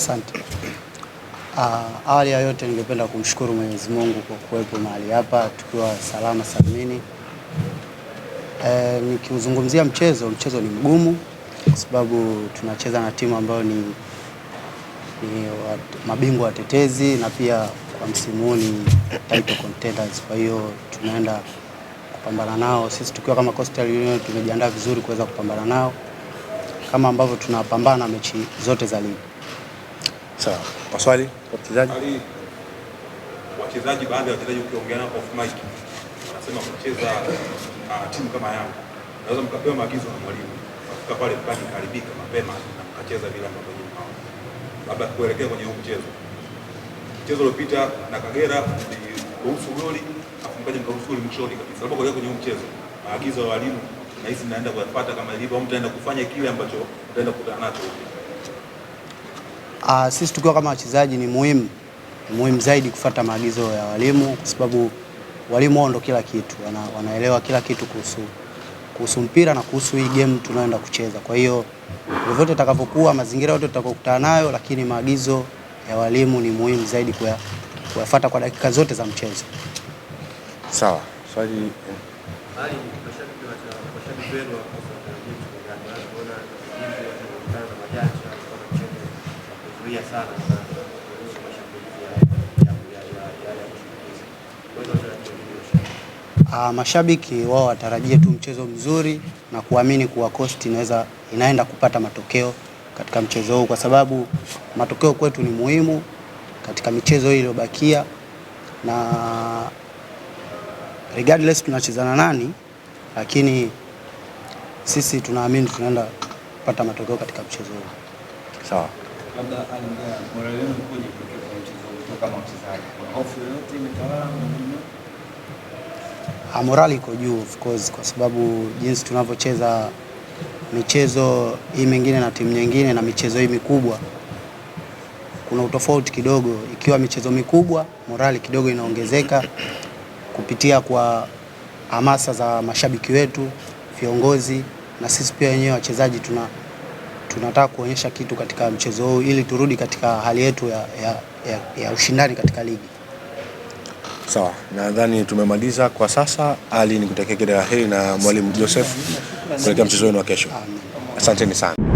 Asante. Uh, awali ya yote ningependa kumshukuru Mwenyezi Mungu kwa kuwepo mahali hapa tukiwa salama salimini. E, nikiuzungumzia mchezo, mchezo ni mgumu kwa sababu tunacheza na timu ambayo ni, ni wat, mabingwa watetezi na pia kwa msimu huu ni title contenders. Kwa hiyo tunaenda kupambana nao sisi tukiwa kama Coastal Union tumejiandaa vizuri kuweza kupambana nao kama ambavyo tunapambana mechi zote za ligi. Sawa, maswali wachezaji, Ali, wachezaji baadhi ya wachezaji ukiongea nao off mic wanasema kucheza ah, timu kama yangu naweza mkapewa maagizo na mwalimu kufika pale mpaka karibika mapema na mkacheza vile ambavyo nyuma, labda kuelekea kwenye huu mchezo. Mchezo uliopita na Kagera kuhusu goli afungaje mkaruhusu goli mshoni kabisa, labda kuelekea kwenye huu mchezo maagizo ya walimu na hizi naenda kuyafuata kama ilivyo, mtu anaenda kufanya kile ambacho anaenda kukutana nacho. Uh, sisi tukiwa kama wachezaji ni muhimu muhimu zaidi kufata maagizo ya walimu kwa sababu walimu wao ndo kila kitu wana, wanaelewa kila kitu kuhusu kuhusu mpira na kuhusu hii game tunayoenda kucheza. Kwa hiyo vyovyote utakavyokuwa, mazingira yote tutakokutana nayo, lakini maagizo ya walimu ni muhimu zaidi kuyafuata kwa dakika zote za mchezo. Sawa. Swali so, kuzuia sana kuhusu ya Mashabiki wao watarajie tu mchezo mzuri na kuamini kuwa Coast inaweza inaenda kupata matokeo katika mchezo huu, kwa sababu matokeo kwetu ni muhimu katika michezo hii iliyobakia, na regardless tunachezana nani, lakini sisi tunaamini tunaenda kupata matokeo katika mchezo huu. Sawa labda morali yenu ikoje kwa mchezo kutoka kama mchezaji, kuna hofu yoyote imetawala? Ah, morali iko juu of course, kwa sababu jinsi tunavyocheza michezo hii mingine na timu nyingine na michezo hii mikubwa kuna utofauti kidogo. Ikiwa michezo mikubwa, morali kidogo inaongezeka kupitia kwa hamasa za mashabiki wetu, viongozi na sisi pia wenyewe wachezaji tuna tunataka kuonyesha kitu katika mchezo huu ili turudi katika hali yetu ya, ya, ya, ya ushindani katika ligi. Sawa, nadhani tumemaliza kwa sasa. Ali, nikutakia kila la heri na mwalimu Joseph kuelekea mchezo wenu wa kesho. Asanteni sana.